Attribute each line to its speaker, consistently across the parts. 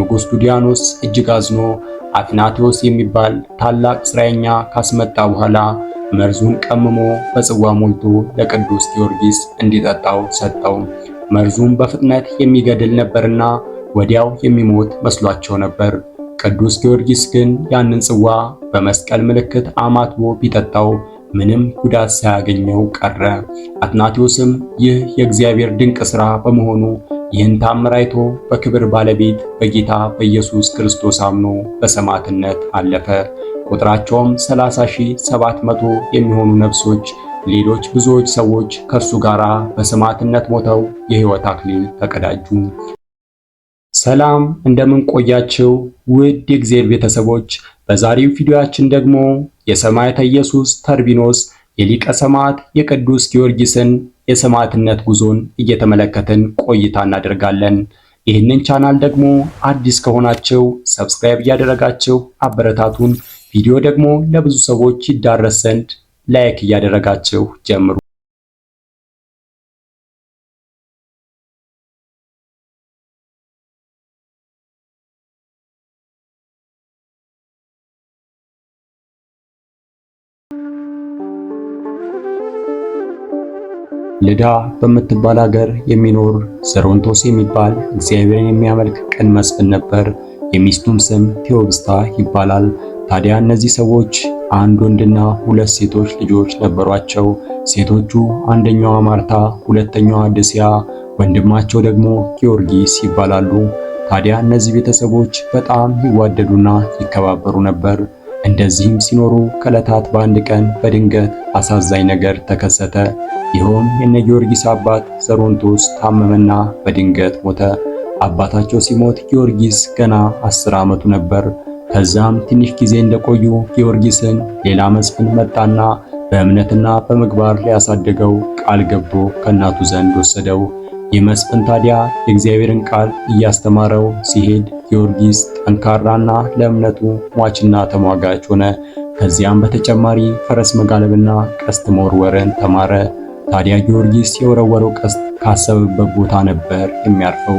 Speaker 1: ንጉሥ ዱዲያኖስ እጅግ አዝኖ አትናቴዎስ የሚባል ታላቅ ስራየኛ ካስመጣ በኋላ መርዙን ቀምሞ በጽዋ ሞልቶ ለቅዱስ ጊዮርጊስ እንዲጠጣው ሰጠው። መርዙም በፍጥነት የሚገድል ነበርና ወዲያው የሚሞት መስሏቸው ነበር። ቅዱስ ጊዮርጊስ ግን ያንን ጽዋ በመስቀል ምልክት አማትቦ ቢጠጣው ምንም ጉዳት ሳያገኘው ቀረ። አትናቴዎስም ይህ የእግዚአብሔር ድንቅ ሥራ በመሆኑ ይህን ታምር አይቶ በክብር ባለቤት በጌታ በኢየሱስ ክርስቶስ አምኖ በሰማዕትነት አለፈ። ቁጥራቸውም 30700 የሚሆኑ ነፍሶች፣ ሌሎች ብዙዎች ሰዎች ከእርሱ ጋር በሰማዕትነት ሞተው የሕይወት አክሊል ተቀዳጁ። ሰላም እንደምን ቆያችሁ ውድ የእግዚአብሔር ቤተሰቦች። በዛሬው ቪዲዮአችን ደግሞ የሰማዕተ ኢየሱስ ተርቢኖስ የሊቀ ሰማዕት የቅዱስ ጊዮርጊስን የሰማዕትነት ጉዞን እየተመለከትን ቆይታ እናደርጋለን። ይህንን ቻናል ደግሞ አዲስ ከሆናችሁ ሰብስክራይብ እያደረጋችሁ አበረታቱን። ቪዲዮ ደግሞ ለብዙ ሰዎች ይዳረስ ዘንድ ላይክ እያደረጋችሁ ጀምሩ። ልዳ በምትባል ሀገር የሚኖር ዘሮንቶስ የሚባል እግዚአብሔርን የሚያመልክ ቅን መስፍን ነበር። የሚስቱም ስም ቴዎብስታ ይባላል። ታዲያ እነዚህ ሰዎች አንድ ወንድና ሁለት ሴቶች ልጆች ነበሯቸው። ሴቶቹ አንደኛዋ ማርታ፣ ሁለተኛዋ ደሲያ፣ ወንድማቸው ደግሞ ጊዮርጊስ ይባላሉ። ታዲያ እነዚህ ቤተሰቦች በጣም ይዋደዱና ይከባበሩ ነበር። እንደዚህም ሲኖሩ ከዕለታት በአንድ ቀን በድንገት አሳዛኝ ነገር ተከሰተ። ይኸውም የነ ጊዮርጊስ አባት ዘሮንቶስ ታመመና በድንገት ሞተ። አባታቸው ሲሞት ጊዮርጊስ ገና አስር ዓመቱ ነበር። ከዛም ትንሽ ጊዜ እንደቆዩ ጊዮርጊስን ሌላ መስፍን መጣና በእምነትና በምግባር ሊያሳድገው ቃል ገብቶ ከእናቱ ዘንድ ወሰደው። ይህ መስፍን ታዲያ የእግዚአብሔርን ቃል እያስተማረው ሲሄድ ጊዮርጊስ ጠንካራና ለእምነቱ ሟችና ተሟጋች ሆነ። ከዚያም በተጨማሪ ፈረስ መጋለብና ቀስት መወርወርን ተማረ። ታዲያ ጊዮርጊስ የወረወረው ቀስት ካሰበበት ቦታ ነበር የሚያርፈው።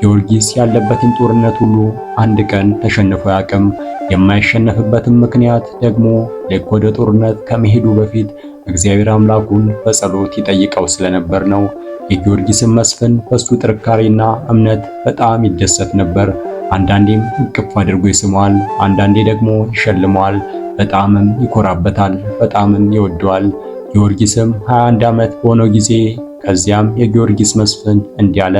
Speaker 1: ጊዮርጊስ ያለበትን ጦርነት ሁሉ አንድ ቀን ተሸንፎ ያቅም። የማይሸነፍበትም ምክንያት ደግሞ ልክ ወደ ጦርነት ከመሄዱ በፊት እግዚአብሔር አምላኩን በጸሎት ይጠይቀው ስለነበር ነው። የጊዮርጊስን መስፍን በሱ ጥርካሬና እምነት በጣም ይደሰት ነበር። አንዳንዴም እቅፍ አድርጎ ይስመዋል፣ አንዳንዴ ደግሞ ይሸልመዋል። በጣምም ይኮራበታል፣ በጣምም ይወደዋል። ጊዮርጊስም 21 ዓመት በሆነው ጊዜ ከዚያም የጊዮርጊስ መስፍን እንዲህ አለ፣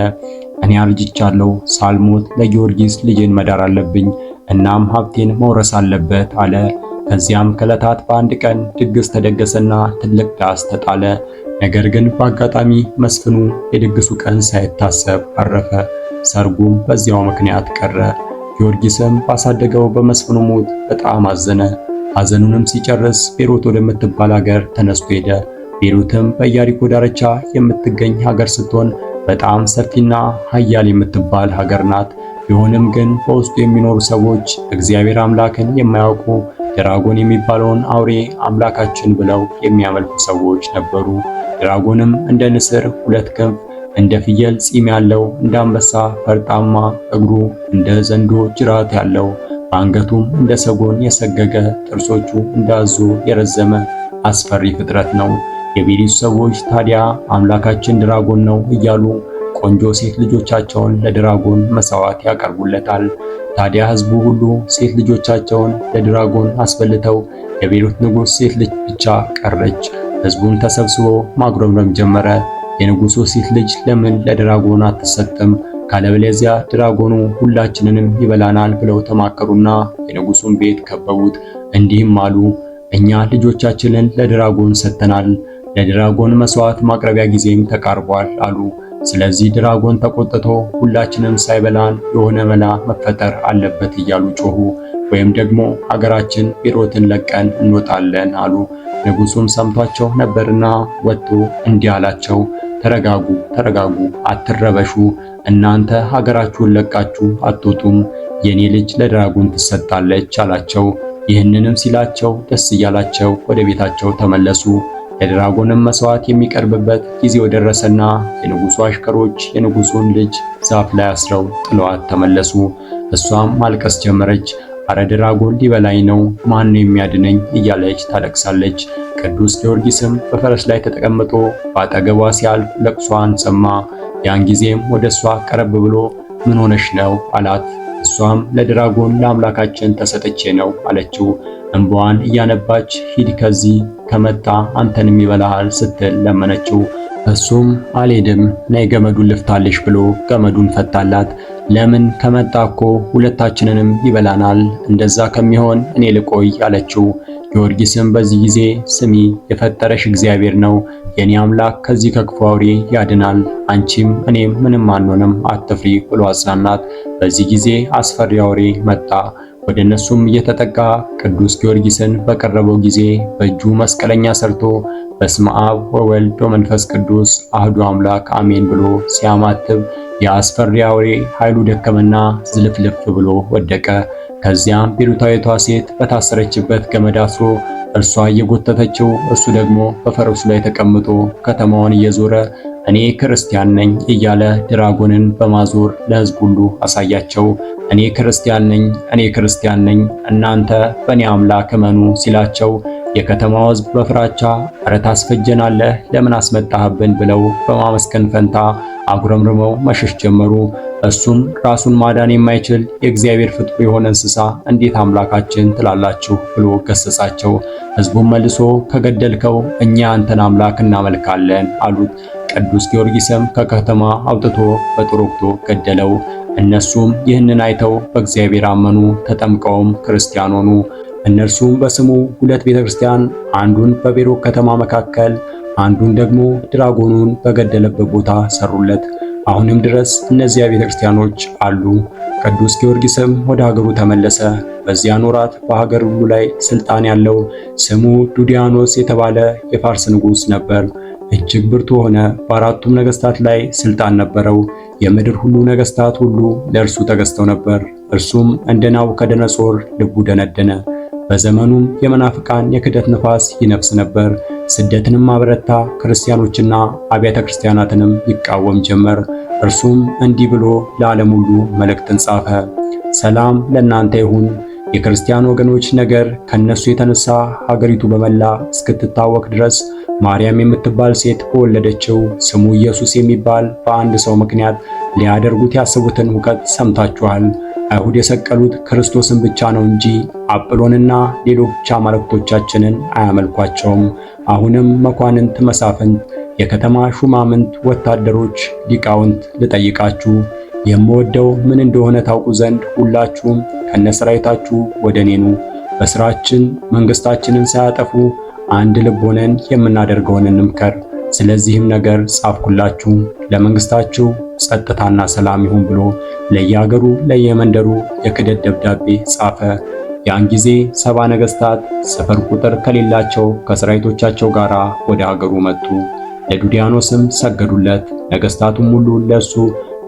Speaker 1: እኔ አርጅቻለሁ፣ ሳልሞት ለጊዮርጊስ ልጄን መዳር አለብኝ፣ እናም ሀብቴን መውረስ አለበት አለ። ከዚያም ከዕለታት በአንድ ቀን ድግስ ተደገሰና ትልቅ ዳስ ተጣለ። ነገር ግን በአጋጣሚ መስፍኑ የድግሱ ቀን ሳይታሰብ አረፈ። ሰርጉም በዚያው ምክንያት ቀረ። ጊዮርጊስም ባሳደገው በመስፍኑ ሞት በጣም አዘነ። ሐዘኑንም ሲጨርስ ቤሮት ወደምትባል ሀገር ተነስቶ ሄደ። ቤሩትም በኢያሪኮ ዳርቻ የምትገኝ ሀገር ስትሆን በጣም ሰፊና ኃያል የምትባል ሀገር ናት። ቢሆንም ግን በውስጡ የሚኖሩ ሰዎች እግዚአብሔር አምላክን የማያውቁ ድራጎን የሚባለውን አውሬ አምላካችን ብለው የሚያመልኩ ሰዎች ነበሩ። ድራጎንም እንደ ንስር ሁለት ክንፍ፣ እንደ ፍየል ፂም ያለው፣ እንደ አንበሳ ፈርጣማ እግሩ፣ እንደ ዘንዶ ጅራት ያለው በአንገቱም እንደ ሰጎን የሰገገ ጥርሶቹ እንዳዞ የረዘመ አስፈሪ ፍጥረት ነው። የቤሊሱ ሰዎች ታዲያ አምላካችን ድራጎን ነው እያሉ ቆንጆ ሴት ልጆቻቸውን ለድራጎን መሥዋዕት ያቀርቡለታል። ታዲያ ሕዝቡ ሁሉ ሴት ልጆቻቸውን ለድራጎን አስበልተው የቤሩት ንጉሥ ሴት ልጅ ብቻ ቀረች። ሕዝቡን ተሰብስቦ ማጉረምረም ጀመረ። የንጉሱ ሴት ልጅ ለምን ለድራጎን አትሰጥም? ካለበለዚያ ድራጎኑ ሁላችንንም ይበላናል ብለው ተማከሩና የንጉሱን ቤት ከበቡት። እንዲህም አሉ፣ እኛ ልጆቻችንን ለድራጎን ሰጥተናል፣ ለድራጎን መስዋዕት ማቅረቢያ ጊዜም ተቃርቧል አሉ። ስለዚህ ድራጎን ተቆጥቶ ሁላችንም ሳይበላን የሆነ መላ መፈጠር አለበት እያሉ ጮሁ። ወይም ደግሞ ሀገራችን ቢሮትን ለቀን እንወጣለን አሉ። ንጉሱም ሰምቷቸው ነበርና ወጥቶ እንዲህ አላቸው። ተረጋጉ፣ ተረጋጉ፣ አትረበሹ። እናንተ ሀገራችሁን ለቃችሁ አትወጡም። የኔ ልጅ ለድራጎን ትሰጣለች አላቸው። ይህንንም ሲላቸው ደስ እያላቸው ወደ ቤታቸው ተመለሱ። ለድራጎንም መስዋዕት የሚቀርብበት ጊዜው ደረሰና የንጉሱ አሽከሮች የንጉሱን ልጅ ዛፍ ላይ አስረው ጥለዋት ተመለሱ። እሷም ማልቀስ ጀመረች። አረ ጎልዲ በላይ ነው ማን ነው የሚያድነኝ እያለች ታለቅሳለች። ቅዱስ ጊዮርጊስም በፈረስ ላይ ተቀምጦ በአጠገቧ ሲያልፍ ለቅሷን ሰማ። ያን ጊዜም ወደ እሷ ቀረብ ብሎ ምን ሆነሽ ነው አላት። እሷም ለድራጎን ለአምላካችን ተሰጥቼ ነው አለችው። እንባዋን እያነባች ሂድ ከዚህ ከመጣ አንተንም ይበላሃል ስትል ለመነችው። እሱም አልሄድም ነይ ገመዱን ልፍታለሽ ብሎ ገመዱን ፈታላት። ለምን ከመጣ እኮ ሁለታችንንም ይበላናል፣ እንደዛ ከሚሆን እኔ ልቆይ አለችው። ጊዮርጊስም በዚህ ጊዜ ስሚ የፈጠረሽ እግዚአብሔር ነው፣ የኔ አምላክ ከዚህ ከክፉ አውሬ ያድናል፣ አንቺም እኔም ምንም አንሆንም፣ አትፍሪ ብሎ አጽናናት። በዚህ ጊዜ አስፈሪ አውሬ መጣ። ወደ እነሱም እየተጠጋ ቅዱስ ጊዮርጊስን በቀረበው ጊዜ በእጁ መስቀለኛ ሰርቶ በስመ አብ ወወልድ ወመንፈስ ቅዱስ አህዱ አምላክ አሜን ብሎ ሲያማትብ የአስፈሪ አውሬ ኃይሉ ደከመና ዝልፍልፍ ብሎ ወደቀ። ከዚያም ቢሩታዊቷ ሴት በታሰረችበት ገመድ አስሮ እርሷ እየጎተተችው እሱ ደግሞ በፈረሱ ላይ ተቀምጦ ከተማዋን እየዞረ እኔ ክርስቲያን ነኝ እያለ ድራጎንን በማዞር ለሕዝብ ሁሉ አሳያቸው። እኔ ክርስቲያን ነኝ፣ እኔ ክርስቲያን ነኝ፣ እናንተ በእኔ አምላክ እመኑ ሲላቸው የከተማው ሕዝብ በፍራቻ እረ ታስፈጀናለህ፣ ለምን አስመጣህብን ብለው በማመስከን ፈንታ አጉረምርመው መሸሽ ጀመሩ። እሱም ራሱን ማዳን የማይችል የእግዚአብሔር ፍጡር የሆነ እንስሳ እንዴት አምላካችን ትላላችሁ ብሎ ገሰጻቸው። ሕዝቡም መልሶ ከገደልከው እኛ አንተን አምላክ እናመልካለን አሉት። ቅዱስ ጊዮርጊስም ከከተማ አውጥቶ በጦር ገደለው። እነሱም ይህንን አይተው በእግዚአብሔር አመኑ፣ ተጠምቀውም ክርስቲያን ሆኑ። እነርሱም በስሙ ሁለት ቤተክርስቲያን፣ አንዱን በቤሮ ከተማ መካከል፣ አንዱን ደግሞ ድራጎኑን በገደለበት ቦታ ሰሩለት። አሁንም ድረስ እነዚያ ቤተክርስቲያኖች አሉ። ቅዱስ ጊዮርጊስም ወደ ሀገሩ ተመለሰ። በዚያን ወራት በሀገር ሁሉ ላይ ስልጣን ያለው ስሙ ዱዲያኖስ የተባለ የፋርስ ንጉስ ነበር። እጅግ ብርቱ ሆነ። በአራቱም ነገስታት ላይ ስልጣን ነበረው። የምድር ሁሉ ነገስታት ሁሉ ለእርሱ ተገዝተው ነበር። እርሱም እንደ ናቡከደነጾር ልቡ ደነደነ። በዘመኑም የመናፍቃን የክደት ንፋስ ይነፍስ ነበር። ስደትንም አበረታ። ክርስቲያኖችና አብያተ ክርስቲያናትንም ይቃወም ጀመር። እርሱም እንዲህ ብሎ ለዓለም ሁሉ መልእክትን ጻፈ። ሰላም ለእናንተ ይሁን። የክርስቲያን ወገኖች ነገር ከነሱ የተነሳ ሀገሪቱ በመላ እስክትታወቅ ድረስ ማርያም የምትባል ሴት ከወለደችው ስሙ ኢየሱስ የሚባል በአንድ ሰው ምክንያት ሊያደርጉት ያስቡትን ሁከት ሰምታችኋል። አይሁድ የሰቀሉት ክርስቶስን ብቻ ነው እንጂ አጵሎንና ሌሎች አማልክቶቻችንን አያመልኳቸውም። አሁንም መኳንንት፣ መሳፍንት፣ የከተማ ሹማምንት፣ ወታደሮች፣ ሊቃውንት ልጠይቃችሁ የምወደው ምን እንደሆነ ታውቁ ዘንድ ሁላችሁም ከነሰራዊታችሁ ወደ እኔ ኑ። በስራችን መንግስታችንን ሳያጠፉ አንድ ልብ ሆነን የምናደርገውን እንምከር። ስለዚህም ነገር ጻፍኩላችሁ ለመንግስታችሁ ጸጥታና ሰላም ይሁን ብሎ ለየአገሩ ለየመንደሩ የክደት ደብዳቤ ጻፈ። ያን ጊዜ ሰባ ነገስታት ስፍር ቁጥር ከሌላቸው ከሰራዊቶቻቸው ጋር ወደ አገሩ መጡ። ለዱዲያኖስም ሰገዱለት። ነገስታቱም ሁሉ ለሱ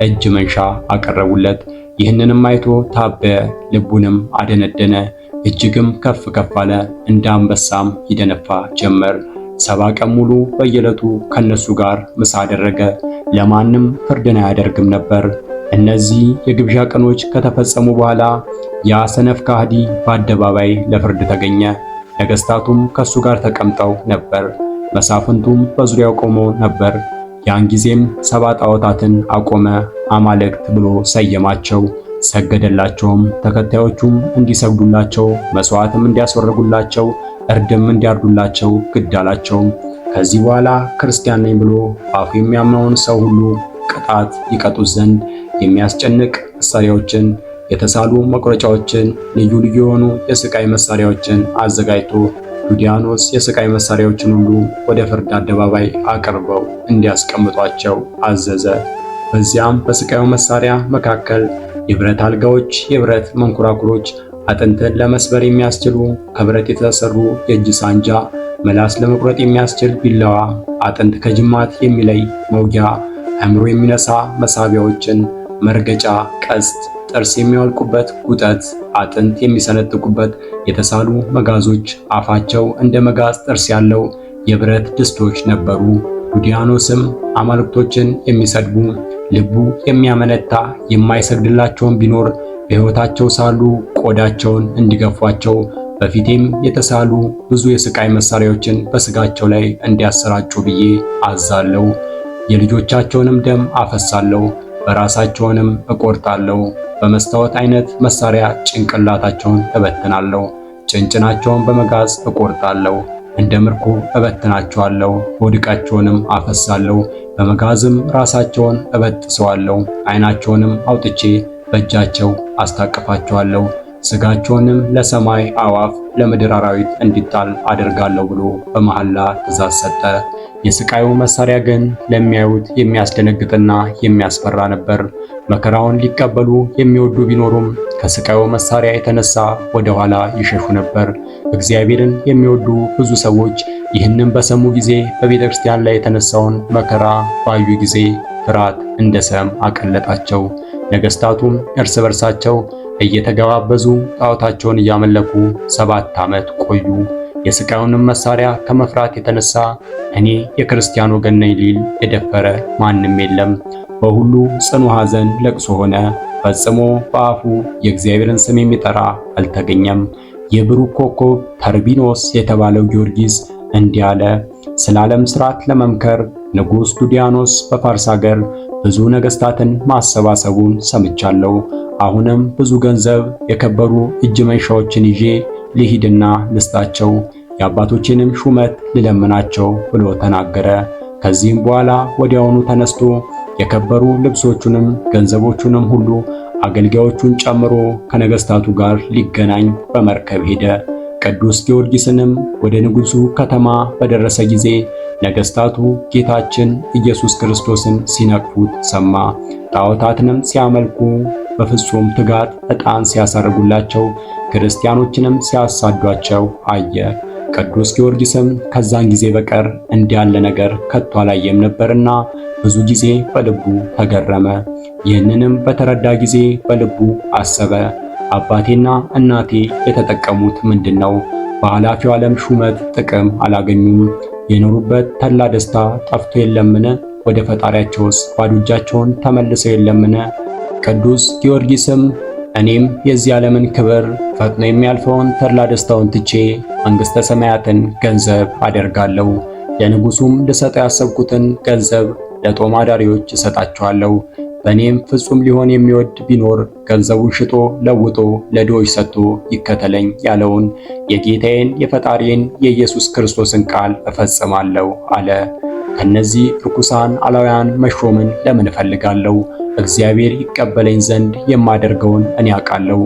Speaker 1: እጅ መንሻ አቀረቡለት። ይህንንም አይቶ ታበየ፣ ልቡንም አደነደነ። እጅግም ከፍ ከፍ አለ። እንደ አንበሳም ይደነፋ ጀመር። ሰባ ቀን ሙሉ በየዕለቱ ከነሱ ጋር ምሳ አደረገ። ለማንም ፍርድን አያደርግም ነበር። እነዚህ የግብዣ ቀኖች ከተፈጸሙ በኋላ ያ ሰነፍ ካህዲ በአደባባይ ለፍርድ ተገኘ። ነገስታቱም ከሱ ጋር ተቀምጠው ነበር፣ መሳፍንቱም በዙሪያው ቆመው ነበር። ያን ጊዜም ሰባ ጣዖታትን አቆመ፣ አማልክት ብሎ ሰየማቸው። ሰገደላቸውም። ተከታዮቹም እንዲሰግዱላቸው መስዋዕትም እንዲያስወርጉላቸው እርድም እንዲያርዱላቸው ግድ አላቸው። ከዚህ በኋላ ክርስቲያን ነኝ ብሎ አፉ የሚያምነውን ሰው ሁሉ ቅጣት ይቀጡት ዘንድ የሚያስጨንቅ መሳሪያዎችን፣ የተሳሉ መቁረጫዎችን፣ ልዩ ልዩ የሆኑ የስቃይ መሳሪያዎችን አዘጋጅቶ ዱዲያኖስ የስቃይ መሳሪያዎችን ሁሉ ወደ ፍርድ አደባባይ አቅርበው እንዲያስቀምጧቸው አዘዘ። በዚያም በስቃዩ መሳሪያ መካከል የብረት አልጋዎች፣ የብረት መንኮራኩሮች፣ አጥንትን ለመስበር የሚያስችሉ ከብረት የተሰሩ የእጅ ሳንጃ፣ ምላስ ለመቁረጥ የሚያስችል ቢላዋ፣ አጥንት ከጅማት የሚለይ መውጊያ፣ አእምሮ የሚነሳ መሳቢያዎችን፣ መርገጫ፣ ቀስት፣ ጥርስ የሚያወልቁበት ጉጠት፣ አጥንት የሚሰነጥቁበት የተሳሉ መጋዞች፣ አፋቸው እንደ መጋዝ ጥርስ ያለው የብረት ድስቶች ነበሩ። ጉዲያኖስም አማልክቶችን የሚሰድቡ ልቡ የሚያመነታ የማይሰግድላቸውም ቢኖር በሕይወታቸው ሳሉ ቆዳቸውን እንዲገፏቸው በፊቴም የተሳሉ ብዙ የስቃይ መሳሪያዎችን በስጋቸው ላይ እንዲያሰራጩ ብዬ አዛለሁ። የልጆቻቸውንም ደም አፈሳለሁ፣ በራሳቸውንም እቆርጣለሁ። በመስታወት አይነት መሳሪያ ጭንቅላታቸውን እበትናለሁ፣ ጭንጭናቸውን በመጋዝ እቆርጣለሁ። እንደ ምርኮ እበትናቸዋለሁ፣ ወድቃቸውንም አፈሳለሁ፣ በመጋዝም ራሳቸውን እበጥሰዋለሁ፣ ዓይናቸውንም አውጥቼ በእጃቸው አስታቅፋቸዋለሁ። ስጋቸውንም ለሰማይ አዋፍ ለምድር አራዊት እንዲጣል አደርጋለሁ ብሎ በመሐላ ትእዛዝ ሰጠ። የስቃዩ መሳሪያ ግን ለሚያዩት የሚያስደነግጥና የሚያስፈራ ነበር። መከራውን ሊቀበሉ የሚወዱ ቢኖሩም ከስቃዩ መሳሪያ የተነሳ ወደ ኋላ ይሸሹ ነበር። እግዚአብሔርን የሚወዱ ብዙ ሰዎች ይህንን በሰሙ ጊዜ በቤተ ክርስቲያን ላይ የተነሳውን መከራ ባዩ ጊዜ ፍርሃት እንደ ሰም አቀለጣቸው። ነገስታቱም እርስ በርሳቸው እየተገባበዙ ጣዖታቸውን እያመለኩ ሰባት ዓመት ቆዩ። የሥቃዩንም መሳሪያ ከመፍራት የተነሳ እኔ የክርስቲያን ወገን ነኝ ሊል የደፈረ ማንም የለም። በሁሉ ጽኑ ሐዘን ለቅሶ ሆነ። ፈጽሞ በአፉ የእግዚአብሔርን ስም የሚጠራ አልተገኘም። የብሩክ ኮከብ ተርቢኖስ የተባለው ጊዮርጊስ እንዲህ አለ። ስለ ዓለም ሥርዓት ለመምከር ንጉሥ ዱዲያኖስ በፋርስ አገር ብዙ ነገስታትን ማሰባሰቡን ሰምቻለሁ። አሁንም ብዙ ገንዘብ፣ የከበሩ እጅ መንሻዎችን ይዤ ልሂድና ልስጣቸው፣ የአባቶቼንም ሹመት ልለምናቸው ብሎ ተናገረ። ከዚህም በኋላ ወዲያውኑ ተነስቶ የከበሩ ልብሶቹንም ገንዘቦቹንም ሁሉ አገልጋዮቹን ጨምሮ ከነገስታቱ ጋር ሊገናኝ በመርከብ ሄደ። ቅዱስ ጊዮርጊስንም ወደ ንጉሡ ከተማ በደረሰ ጊዜ ነገሥታቱ ጌታችን ኢየሱስ ክርስቶስን ሲነቅፉት ሰማ። ጣዖታትንም ሲያመልኩ በፍጹም ትጋት ዕጣን ሲያሳርጉላቸው፣ ክርስቲያኖችንም ሲያሳዷቸው አየ። ቅዱስ ጊዮርጊስም ከዛን ጊዜ በቀር እንዲያለ ነገር ከቶ አላየም ነበርና ብዙ ጊዜ በልቡ ተገረመ። ይህንንም በተረዳ ጊዜ በልቡ አሰበ፣ አባቴና እናቴ የተጠቀሙት ምንድን ነው? በኃላፊው ዓለም ሹመት ጥቅም አላገኙም። የኖሩበት ተድላ ደስታ ጠፍቶ የለምን? ወደ ፈጣሪያቸውስ ባዶ እጃቸውን ተመልሰው የለምን? ቅዱስ ጊዮርጊስም እኔም የዚህ ዓለምን ክብር ፈጥኖ የሚያልፈውን ተድላ ደስታውን ትቼ መንግሥተ ሰማያትን ገንዘብ አደርጋለሁ፣ ለንጉሡም ልሰጠው ያሰብኩትን ገንዘብ ለጦም አዳሪዎች እሰጣቸዋለሁ በእኔም ፍጹም ሊሆን የሚወድ ቢኖር ገንዘቡን ሽጦ ለውጦ ለድሆች ሰጥቶ ይከተለኝ ያለውን የጌታዬን የፈጣሪን የኢየሱስ ክርስቶስን ቃል እፈጽማለሁ አለ። ከነዚህ ርኩሳን አላውያን መሾምን ለምን እፈልጋለሁ? እግዚአብሔር ይቀበለኝ ዘንድ የማደርገውን እኔ አውቃለሁ።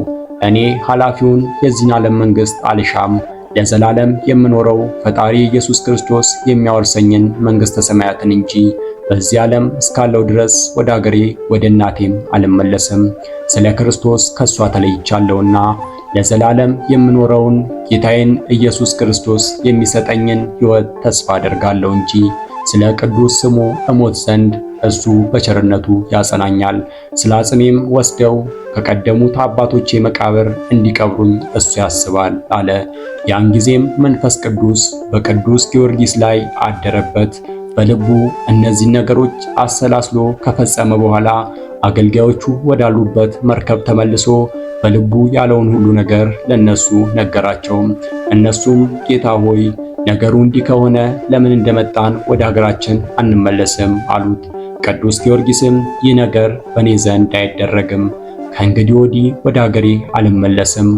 Speaker 1: እኔ ኃላፊውን የዚህን ዓለም መንግሥት አልሻም። ለዘላለም የምኖረው ፈጣሪ ኢየሱስ ክርስቶስ የሚያወርሰኝን መንግሥተ ሰማያትን እንጂ በዚህ ዓለም እስካለው ድረስ ወደ አገሬ ወደ እናቴም አልመለስም፣ ስለ ክርስቶስ ከሷ ተለይቻለሁና ለዘላለም የምኖረውን ጌታዬን ኢየሱስ ክርስቶስ የሚሰጠኝን ሕይወት ተስፋ አደርጋለሁ እንጂ ስለ ቅዱስ ስሙ እሞት ዘንድ እሱ በቸርነቱ ያጸናኛል። ስለ አጽሜም ወስደው ከቀደሙት አባቶቼ መቃብር እንዲቀብሩኝ እሱ ያስባል አለ። ያን ጊዜም መንፈስ ቅዱስ በቅዱስ ጊዮርጊስ ላይ አደረበት። በልቡ እነዚህ ነገሮች አሰላስሎ ከፈጸመ በኋላ አገልጋዮቹ ወዳሉበት መርከብ ተመልሶ በልቡ ያለውን ሁሉ ነገር ለነሱ ነገራቸው። እነሱም ጌታ ሆይ ነገሩ እንዲህ ከሆነ ለምን እንደመጣን ወደ ሀገራችን አንመለስም አሉት። ቅዱስ ጊዮርጊስም ይህ ነገር በእኔ ዘንድ አይደረግም፣ ከእንግዲህ ወዲህ ወደ አገሬ አልመለስም፣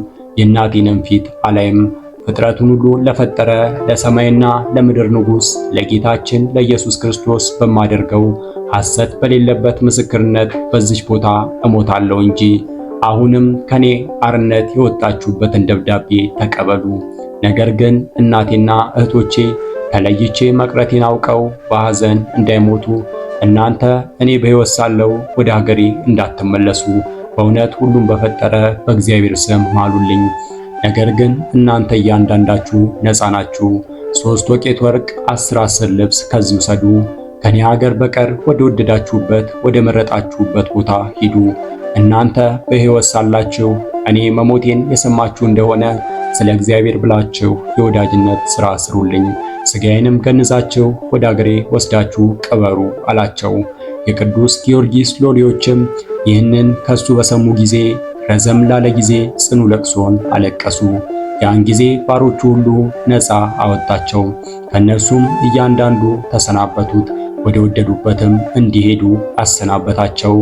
Speaker 1: የእናቴንም ፊት አላይም፣ ፍጥረቱን ሁሉ ለፈጠረ ለሰማይና ለምድር ንጉሥ ለጌታችን ለኢየሱስ ክርስቶስ በማደርገው ሐሰት በሌለበት ምስክርነት በዚች ቦታ እሞታለሁ እንጂ አሁንም ከኔ አርነት የወጣችሁበትን ደብዳቤ ተቀበሉ። ነገር ግን እናቴና እህቶቼ ተለይቼ መቅረቴን አውቀው በሐዘን እንዳይሞቱ እናንተ እኔ በሕይወት ሳለው ወደ ሀገሬ እንዳትመለሱ በእውነት ሁሉም በፈጠረ በእግዚአብሔር ስም ማሉልኝ። ነገር ግን እናንተ እያንዳንዳችሁ ነፃ ናችሁ። ሶስት ወቄት ወርቅ፣ አስር አስር ልብስ ከዚህ ውሰዱ። ከኔ ሀገር በቀር ወደ ወደዳችሁበት ወደ መረጣችሁበት ቦታ ሂዱ። እናንተ በሕይወት ሳላችሁ እኔ መሞቴን የሰማችሁ እንደሆነ ስለ እግዚአብሔር ብላችሁ የወዳጅነት ሥራ ስሩልኝ። ሥጋዬንም ገንዛችሁ ወደ አገሬ ወስዳችሁ ቅበሩ አላቸው። የቅዱስ ጊዮርጊስ ሎሌዎችም ይህንን ከሱ በሰሙ ጊዜ ረዘም ላለ ጊዜ ጽኑ ለቅሶን አለቀሱ። ያን ጊዜ ባሮቹ ሁሉ ነፃ አወጣቸው። ከእነርሱም እያንዳንዱ ተሰናበቱት። ወደ ወደዱበትም እንዲሄዱ አሰናበታቸው።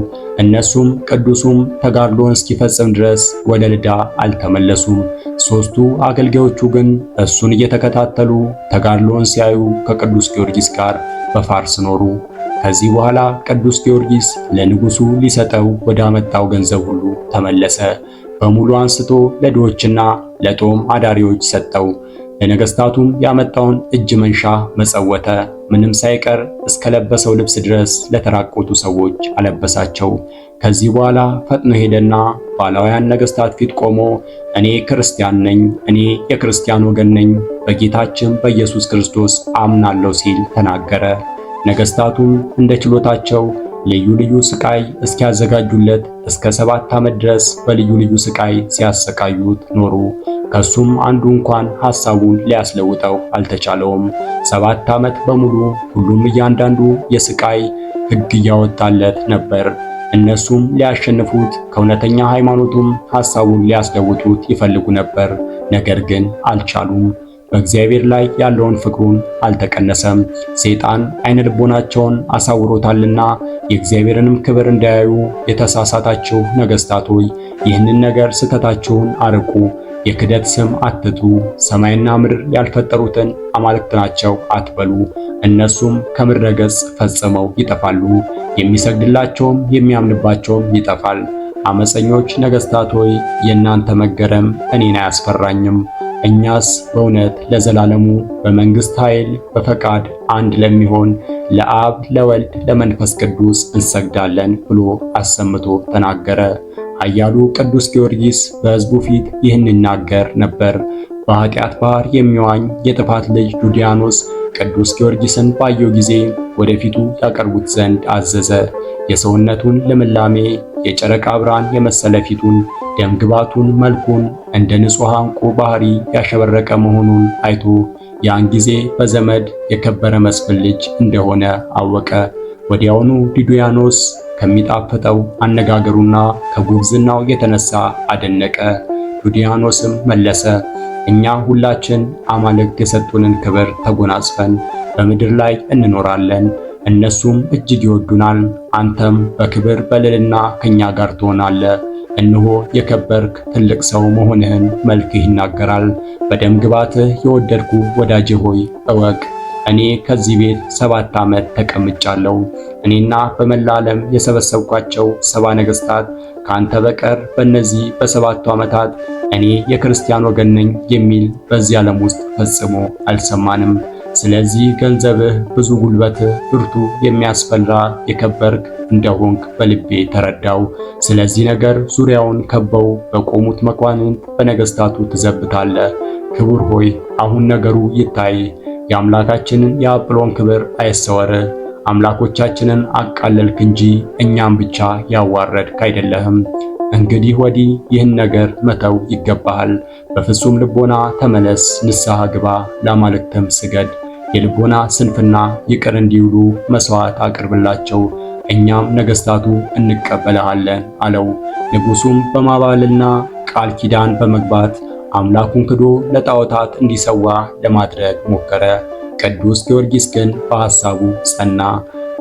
Speaker 1: እነሱም ቅዱሱም ተጋድሎን እስኪፈጽም ድረስ ወደ ልዳ አልተመለሱም። ሦስቱ አገልጋዮቹ ግን እሱን እየተከታተሉ ተጋድሎን ሲያዩ ከቅዱስ ጊዮርጊስ ጋር በፋርስ ኖሩ። ከዚህ በኋላ ቅዱስ ጊዮርጊስ ለንጉሱ ሊሰጠው ወደ አመጣው ገንዘብ ሁሉ ተመለሰ። በሙሉ አንስቶ ለድሆችና ለጦም አዳሪዎች ሰጠው። ለነገስታቱም ያመጣውን እጅ መንሻ መጸወተ። ምንም ሳይቀር እስከለበሰው ልብስ ድረስ ለተራቆቱ ሰዎች አለበሳቸው። ከዚህ በኋላ ፈጥኖ ሄደና ባላውያን ነገስታት ፊት ቆሞ እኔ ክርስቲያን ነኝ፣ እኔ የክርስቲያን ወገን ነኝ፣ በጌታችን በኢየሱስ ክርስቶስ አምናለሁ ሲል ተናገረ። ነገስታቱም እንደ ችሎታቸው ልዩ ልዩ ስቃይ እስኪያዘጋጁለት እስከ ሰባት ዓመት ድረስ በልዩ ልዩ ስቃይ ሲያሰቃዩት ኖሩ። ከሱም አንዱ እንኳን ሐሳቡን ሊያስለውጠው አልተቻለውም። ሰባት ዓመት በሙሉ ሁሉም እያንዳንዱ የስቃይ ሕግ እያወጣለት ነበር። እነሱም ሊያሸንፉት ከእውነተኛ ሃይማኖቱም ሐሳቡን ሊያስለውጡት ይፈልጉ ነበር፣ ነገር ግን አልቻሉም። በእግዚአብሔር ላይ ያለውን ፍቅሩን አልተቀነሰም። ሰይጣን አይነ ልቦናቸውን አሳውሮታልና የእግዚአብሔርንም ክብር እንዳያዩ የተሳሳታችሁ ነገሥታት ሆይ ይህንን ነገር ስህተታችሁን አርቁ የክደት ስም አትጥሩ፣ ሰማይና ምድር ያልፈጠሩትን አማልክት ናቸው አትበሉ፣ እነሱም ከምድረ ገጽ ፈጽመው ይጠፋሉ፣ የሚሰግድላቸውም የሚያምንባቸውም ይጠፋል። አመፀኞች ነገሥታት ሆይ የእናንተ መገረም እኔን አያስፈራኝም። እኛስ በእውነት ለዘላለሙ በመንግሥት ኃይል በፈቃድ አንድ ለሚሆን ለአብ ለወልድ ለመንፈስ ቅዱስ እንሰግዳለን ብሎ አሰምቶ ተናገረ። ኃያሉ ቅዱስ ጊዮርጊስ በሕዝቡ ፊት ይህን ይናገር ነበር። በኃጢአት ባህር የሚዋኝ የጥፋት ልጅ ዱዲያኖስ ቅዱስ ጊዮርጊስን ባየው ጊዜ ወደፊቱ ያቀርቡት ዘንድ አዘዘ። የሰውነቱን ልምላሜ የጨረቃ ብርሃን የመሰለ ፊቱን፣ ደምግባቱን፣ መልኩን እንደ ንጹሕ ዕንቁ ባህሪ ያሸበረቀ መሆኑን አይቶ ያን ጊዜ በዘመድ የከበረ መስፍን ልጅ እንደሆነ አወቀ። ወዲያውኑ ዲዱያኖስ ከሚጣፍጠው አነጋገሩና ከጉብዝናው የተነሳ አደነቀ። ዱዲያኖስም መለሰ፣ እኛ ሁላችን አማልክት የሰጡንን ክብር ተጎናጽፈን በምድር ላይ እንኖራለን፣ እነሱም እጅግ ይወዱናል። አንተም በክብር በልልና ከኛ ጋር ትሆናለህ። እነሆ የከበርክ ትልቅ ሰው መሆንህን መልክህ ይናገራል። በደም ግባትህ የወደድኩ ወዳጄ ሆይ እወቅ። እኔ ከዚህ ቤት ሰባት ዓመት ተቀምጫለሁ። እኔና በመላ ዓለም የሰበሰብኳቸው ሰባ ነገስታት ከአንተ በቀር በእነዚህ በሰባቱ ዓመታት እኔ የክርስቲያን ወገን ነኝ የሚል በዚህ ዓለም ውስጥ ፈጽሞ አልሰማንም። ስለዚህ ገንዘብህ፣ ብዙ ጉልበትህ፣ ብርቱ የሚያስፈራ የከበርክ እንደሆንክ በልቤ ተረዳው። ስለዚህ ነገር ዙሪያውን ከበው በቆሙት መኳንንት በነገስታቱ ትዘብታለህ። ክቡር ሆይ አሁን ነገሩ ይታይ የአምላካችንን የአጵሎን ክብር አይሰወር አምላኮቻችንን አቃለልክ እንጂ እኛም ብቻ ያዋረድክ አይደለህም። እንግዲህ ወዲህ ይህን ነገር መተው ይገባሃል። በፍጹም ልቦና ተመለስ፣ ንስሐ ግባ፣ ለአማልክትም ስገድ። የልቦና ስንፍና ይቅር እንዲውሉ መስዋዕት አቅርብላቸው፣ እኛም ነገስታቱ እንቀበልሃለን አለው። ንጉሱም በማባልና ቃል ኪዳን በመግባት አምላኩን ክዶ ለጣዖታት እንዲሰዋ ለማድረግ ሞከረ። ቅዱስ ጊዮርጊስ ግን በሐሳቡ ጸና።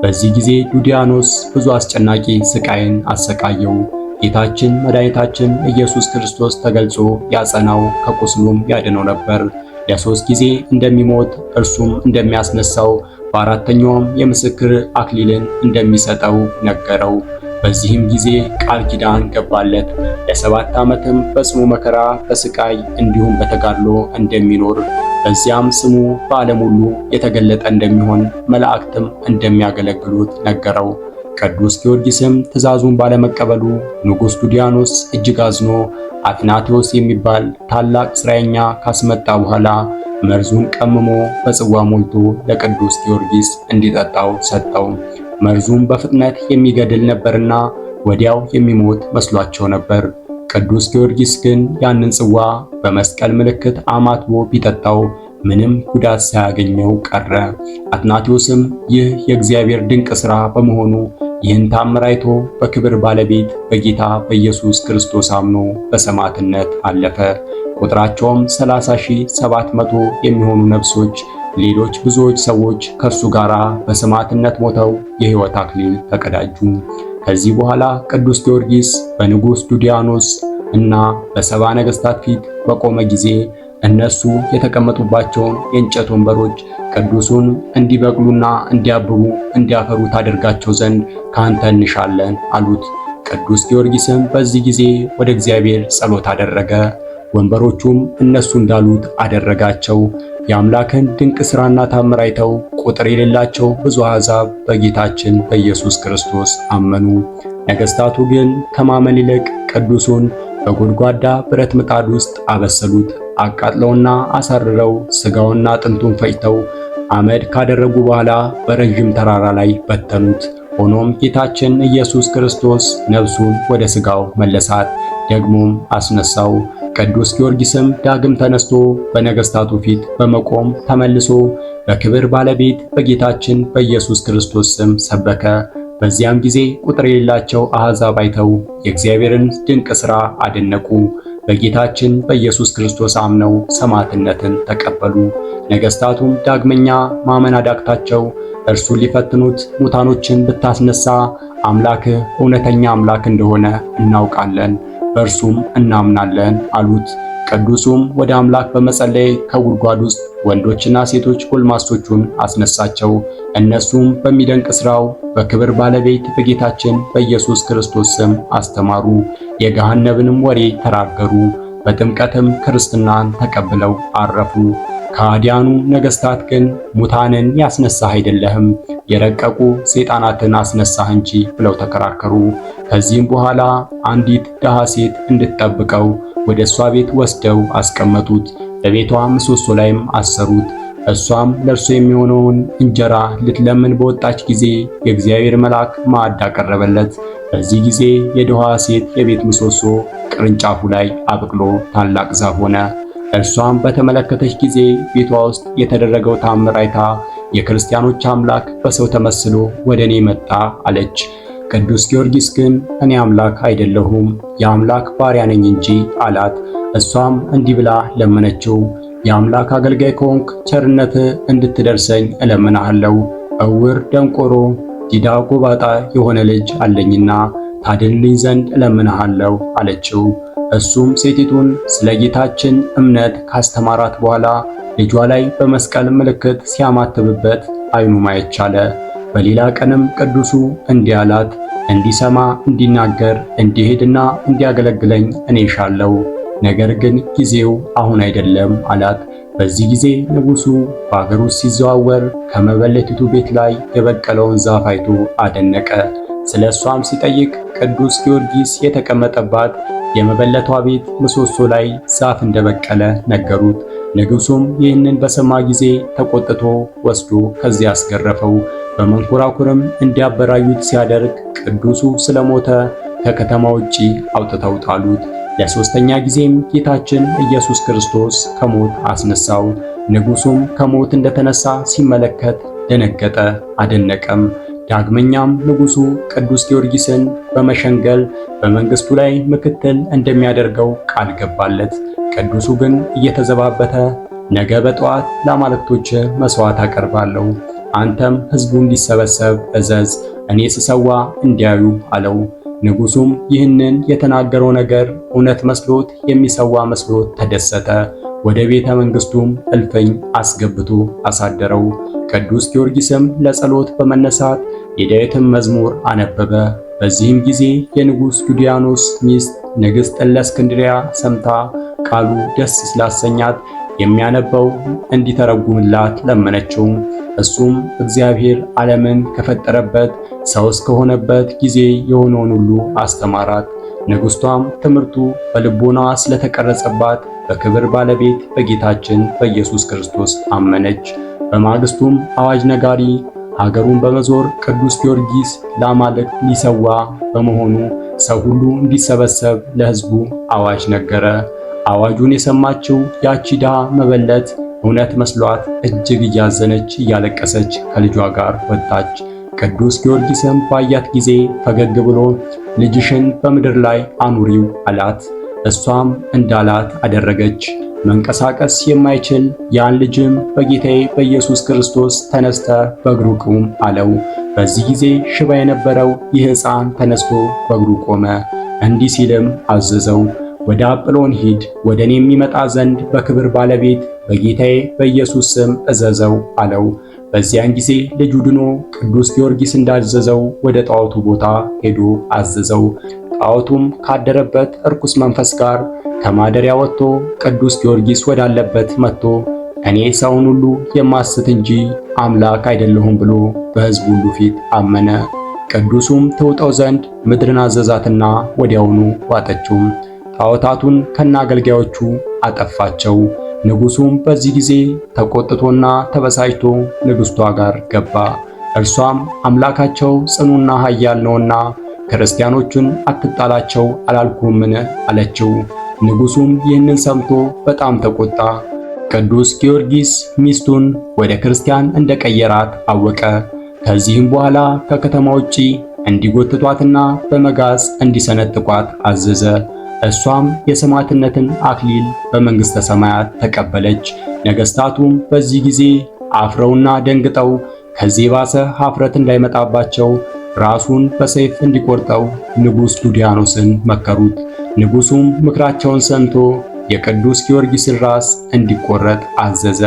Speaker 1: በዚህ ጊዜ ዱዲያኖስ ብዙ አስጨናቂ ስቃይን አሰቃየው። ጌታችን መድኃኒታችን ኢየሱስ ክርስቶስ ተገልጾ ያጸናው ከቁስሉም ያድነው ነበር። ለሶስት ጊዜ እንደሚሞት እርሱም እንደሚያስነሳው በአራተኛውም የምስክር አክሊልን እንደሚሰጠው ነገረው። በዚህም ጊዜ ቃል ኪዳን ገባለት። ለሰባት ዓመትም በጽኑ መከራ በስቃይ እንዲሁም በተጋድሎ እንደሚኖር በዚያም ስሙ በዓለም ሁሉ የተገለጠ እንደሚሆን መላእክትም እንደሚያገለግሉት ነገረው። ቅዱስ ጊዮርጊስም ትእዛዙን ባለመቀበሉ ንጉሥ ዱዲያኖስ እጅግ አዝኖ አትናቴዎስ የሚባል ታላቅ ሥራየኛ ካስመጣ በኋላ መርዙን ቀምሞ በጽዋ ሞልቶ ለቅዱስ ጊዮርጊስ እንዲጠጣው ሰጠው። መርዙም በፍጥነት የሚገድል ነበርና ወዲያው የሚሞት መስሏቸው ነበር። ቅዱስ ጊዮርጊስ ግን ያንን ጽዋ በመስቀል ምልክት አማትቦ ቢጠጣው ምንም ጉዳት ሳያገኘው ቀረ። አትናቴዎስም ይህ የእግዚአብሔር ድንቅ ሥራ በመሆኑ ይህን ታምር አይቶ በክብር ባለቤት በጌታ በኢየሱስ ክርስቶስ አምኖ በሰማዕትነት አለፈ። ቁጥራቸውም 30700 የሚሆኑ ነፍሶች ሌሎች ብዙዎች ሰዎች ከእርሱ ጋር በሰማዕትነት ሞተው የሕይወት አክሊል ተቀዳጁ። ከዚህ በኋላ ቅዱስ ጊዮርጊስ በንጉሥ ዱዲያኖስ እና በሰባ ነገሥታት ፊት በቆመ ጊዜ እነሱ የተቀመጡባቸውን የእንጨት ወንበሮች ቅዱሱን እንዲበቅሉና እንዲያብቡ እንዲያፈሩ ታደርጋቸው ዘንድ ካንተ እንሻለን አሉት። ቅዱስ ጊዮርጊስም በዚህ ጊዜ ወደ እግዚአብሔር ጸሎት አደረገ። ወንበሮቹም እነሱ እንዳሉት አደረጋቸው። የአምላክን ድንቅ ሥራና ታምር አይተው ቁጥር የሌላቸው ብዙ አሕዛብ በጌታችን በኢየሱስ ክርስቶስ አመኑ። ነገሥታቱ ግን ከማመን ይልቅ ቅዱሱን በጎድጓዳ ብረት ምጣድ ውስጥ አበሰሉት። አቃጥለውና አሳርረው ሥጋውና አጥንቱን ፈጭተው አመድ ካደረጉ በኋላ በረዥም ተራራ ላይ በተኑት። ሆኖም ጌታችን ኢየሱስ ክርስቶስ ነፍሱን ወደ ሥጋው መለሳት፣ ደግሞም አስነሳው። ቅዱስ ጊዮርጊስም ዳግም ተነስቶ በነገስታቱ ፊት በመቆም ተመልሶ በክብር ባለቤት በጌታችን በኢየሱስ ክርስቶስ ስም ሰበከ። በዚያም ጊዜ ቁጥር የሌላቸው አሕዛብ አይተው የእግዚአብሔርን ድንቅ ሥራ አደነቁ። በጌታችን በኢየሱስ ክርስቶስ አምነው ሰማዕትነትን ተቀበሉ። ነገስታቱም ዳግመኛ ማመን አዳግታቸው፣ እርሱ ሊፈትኑት ሙታኖችን ብታስነሳ አምላክህ እውነተኛ አምላክ እንደሆነ እናውቃለን በእርሱም እናምናለን አሉት። ቅዱሱም ወደ አምላክ በመጸለይ ከጉድጓድ ውስጥ ወንዶችና ሴቶች ጎልማሶቹን አስነሳቸው። እነሱም በሚደንቅ ሥራው በክብር ባለቤት በጌታችን በኢየሱስ ክርስቶስ ስም አስተማሩ፣ የገሃነብንም ወሬ ተራገሩ። በጥምቀትም ክርስትናን ተቀብለው አረፉ። ከአዲያኑ ነገሥታት ግን ሙታንን ያስነሳህ አይደለህም፣ የረቀቁ ሰይጣናትን አስነሳህ እንጂ ብለው ተከራከሩ። ከዚህም በኋላ አንዲት ድሃ ሴት እንድትጠብቀው ወደ እሷ ቤት ወስደው አስቀመጡት። በቤቷ ምሰሶ ላይም አሰሩት። እሷም ለእርሱ የሚሆነውን እንጀራ ልትለምን በወጣች ጊዜ የእግዚአብሔር መልአክ ማዕድ አቀረበለት። በዚህ ጊዜ የድሃ ሴት የቤት ምሰሶ ቅርንጫፉ ላይ አብቅሎ ታላቅ ዛፍ ሆነ። እርሷም በተመለከተች ጊዜ ቤቷ ውስጥ የተደረገው ታምር አይታ የክርስቲያኖች አምላክ በሰው ተመስሎ ወደ እኔ መጣ አለች። ቅዱስ ጊዮርጊስ ግን እኔ አምላክ አይደለሁም የአምላክ ባሪያ ነኝ እንጂ አላት። እሷም እንዲህ ብላ ለመነችው፣ የአምላክ አገልጋይ ከሆንክ ቸርነት እንድትደርሰኝ እለምናሃለሁ። እውር፣ ደንቆሮ፣ ዲዳ፣ ጎባጣ የሆነ ልጅ አለኝና ታድንልኝ ዘንድ እለምናሃለሁ አለችው። እሱም ሴቲቱን ስለ ጌታችን እምነት ካስተማራት በኋላ ልጇ ላይ በመስቀል ምልክት ሲያማትብበት አይኑ ማየት ቻለ። በሌላ ቀንም ቅዱሱ እንዲህ አላት፣ እንዲሰማ እንዲናገር፣ እንዲሄድና እንዲያገለግለኝ እኔ ሻለው፣ ነገር ግን ጊዜው አሁን አይደለም አላት። በዚህ ጊዜ ንጉሡ በአገር ውስጥ ሲዘዋወር ከመበለቲቱ ቤት ላይ የበቀለውን ዛፍ አይቶ አደነቀ። ስለ እሷም ሲጠይቅ ቅዱስ ጊዮርጊስ የተቀመጠባት የመበለቷ ቤት ምሰሶ ላይ ዛፍ እንደበቀለ ነገሩት። ንጉሡም ይህንን በሰማ ጊዜ ተቆጥቶ ወስዶ ከዚያ አስገረፈው። በመንኮራኩርም እንዲያበራዩት ሲያደርግ ቅዱሱ ስለሞተ ከከተማ ውጪ አውጥተው ጣሉት። ለሶስተኛ ጊዜም ጌታችን ኢየሱስ ክርስቶስ ከሞት አስነሳው። ንጉሱም ከሞት እንደተነሳ ሲመለከት ደነገጠ፣ አደነቀም። ዳግመኛም ንጉሱ ቅዱስ ጊዮርጊስን በመሸንገል በመንግስቱ ላይ ምክትል እንደሚያደርገው ቃል ገባለት። ቅዱሱ ግን እየተዘባበተ ነገ በጠዋት ለአማልክቶች መስዋዕት አቀርባለሁ አንተም ህዝቡ እንዲሰበሰብ እዘዝ፣ እኔ ስሰዋ እንዲያዩ አለው። ንጉሱም ይህንን የተናገረው ነገር እውነት መስሎት የሚሰዋ መስሎት ተደሰተ። ወደ ቤተ መንግስቱም እልፍኝ አስገብቶ አሳደረው። ቅዱስ ጊዮርጊስም ለጸሎት በመነሳት የዳዊትን መዝሙር አነበበ። በዚህም ጊዜ የንጉስ ዱዲያኖስ ሚስት ንግሥት እለእስክንድርያ ሰምታ ቃሉ ደስ ስላሰኛት የሚያነበው እንዲተረጉምላት ለመነችው። እሱም እግዚአብሔር ዓለምን ከፈጠረበት ሰው እስከሆነበት ጊዜ የሆነውን ሁሉ አስተማራት። ንግሥቷም ትምህርቱ በልቦናዋ ስለተቀረጸባት በክብር ባለቤት በጌታችን በኢየሱስ ክርስቶስ አመነች። በማግስቱም አዋጅ ነጋሪ ሀገሩን በመዞር ቅዱስ ጊዮርጊስ ለአማልክት ሊሰዋ በመሆኑ ሰው ሁሉ እንዲሰበሰብ ለሕዝቡ አዋጅ ነገረ። አዋጁን የሰማችው ያቺ ድሃ መበለት እውነት መስሏት እጅግ እያዘነች እያለቀሰች ከልጇ ጋር ወጣች። ቅዱስ ጊዮርጊስም ባያት ጊዜ ፈገግ ብሎ ልጅሽን በምድር ላይ አኑሪው አላት። እሷም እንዳላት አደረገች። መንቀሳቀስ የማይችል ያን ልጅም በጌታዬ በኢየሱስ ክርስቶስ ተነስተ በእግሩ ቁም አለው። በዚህ ጊዜ ሽባ የነበረው ይህ ሕፃን ተነስቶ በእግሩ ቆመ። እንዲህ ሲልም አዘዘው ወደ አጵሎን ሂድ፣ ወደ እኔ የሚመጣ ዘንድ በክብር ባለቤት በጌታዬ በኢየሱስ ስም እዘዘው አለው። በዚያን ጊዜ ልጁ ድኖ ቅዱስ ጊዮርጊስ እንዳዘዘው ወደ ጣዖቱ ቦታ ሄዶ አዘዘው። ጣዖቱም ካደረበት እርኩስ መንፈስ ጋር ከማደሪያ ወጥቶ ቅዱስ ጊዮርጊስ ወዳለበት መጥቶ እኔ ሰውን ሁሉ የማስት እንጂ አምላክ አይደለሁም ብሎ በሕዝቡ ሁሉ ፊት አመነ። ቅዱሱም ትውጠው ዘንድ ምድርን አዘዛትና ወዲያውኑ ዋጠችውም። ጣዖታቱን ከነአገልጋዮቹ አጠፋቸው። ንጉሱም በዚህ ጊዜ ተቆጥቶና ተበሳጭቶ ንጉስቷ ጋር ገባ። እርሷም አምላካቸው ጽኑና ኃያል ነውና ክርስቲያኖቹን አትጣላቸው አላልኩምን አለችው። ንጉሱም ይህንን ሰምቶ በጣም ተቆጣ። ቅዱስ ጊዮርጊስ ሚስቱን ወደ ክርስቲያን እንደቀየራት አወቀ። ከዚህም በኋላ ከከተማ ውጪ እንዲጎትቷትና በመጋዝ እንዲሰነጥቋት አዘዘ። እሷም የሰማዕትነትን አክሊል በመንግሥተ ሰማያት ተቀበለች። ነገሥታቱም በዚህ ጊዜ አፍረውና ደንግጠው ከዚህ የባሰ ኀፍረት እንዳይመጣባቸው ራሱን በሰይፍ እንዲቆርጠው ንጉሥ ዱዲያኖስን መከሩት። ንጉሡም ምክራቸውን ሰምቶ የቅዱስ ጊዮርጊስን ራስ እንዲቆረጥ አዘዘ።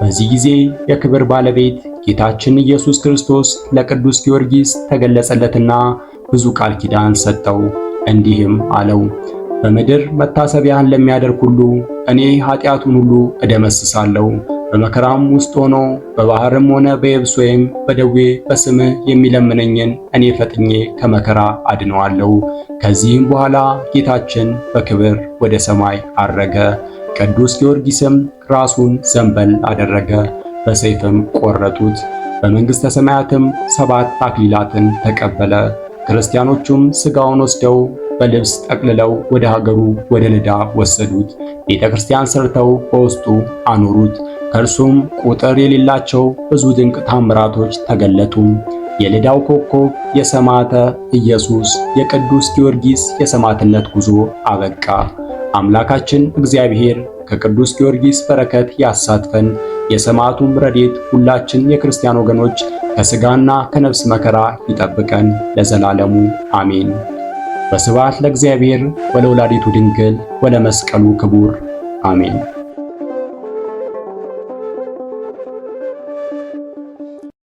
Speaker 1: በዚህ ጊዜ የክብር ባለቤት ጌታችን ኢየሱስ ክርስቶስ ለቅዱስ ጊዮርጊስ ተገለጸለትና ብዙ ቃል ኪዳን ሰጠው። እንዲህም አለው በምድር መታሰቢያን ለሚያደርግ ሁሉ እኔ ኃጢአቱን ሁሉ እደመስሳለሁ። በመከራም ውስጥ ሆኖ በባህርም ሆነ በየብስ ወይም በደዌ በስምህ የሚለምነኝን እኔ ፈጥኜ ከመከራ አድነዋለሁ። ከዚህም በኋላ ጌታችን በክብር ወደ ሰማይ አረገ። ቅዱስ ጊዮርጊስም ራሱን ዘንበል አደረገ፣ በሰይፍም ቆረጡት። በመንግሥተ ሰማያትም ሰባት አክሊላትን ተቀበለ። ክርስቲያኖቹም ሥጋውን ወስደው በልብስ ጠቅልለው ወደ ሀገሩ ወደ ልዳ ወሰዱት። ቤተ ክርስቲያን ሰርተው በውስጡ አኖሩት። ከእርሱም ቁጥር የሌላቸው ብዙ ድንቅ ታምራቶች ተገለጡ። የልዳው ኮከብ፣ የሰማዕተ ኢየሱስ፣ የቅዱስ ጊዮርጊስ የሰማዕትነት ጉዞ አበቃ። አምላካችን እግዚአብሔር ከቅዱስ ጊዮርጊስ በረከት ያሳትፈን። የሰማዕቱም ረድኤት ሁላችን የክርስቲያን ወገኖች ከሥጋና ከነፍስ መከራ ይጠብቀን ለዘላለሙ አሜን። በስባት ለእግዚአብሔር ወለወላዲቱ ድንግል ወለመስቀሉ ክቡር አሜን።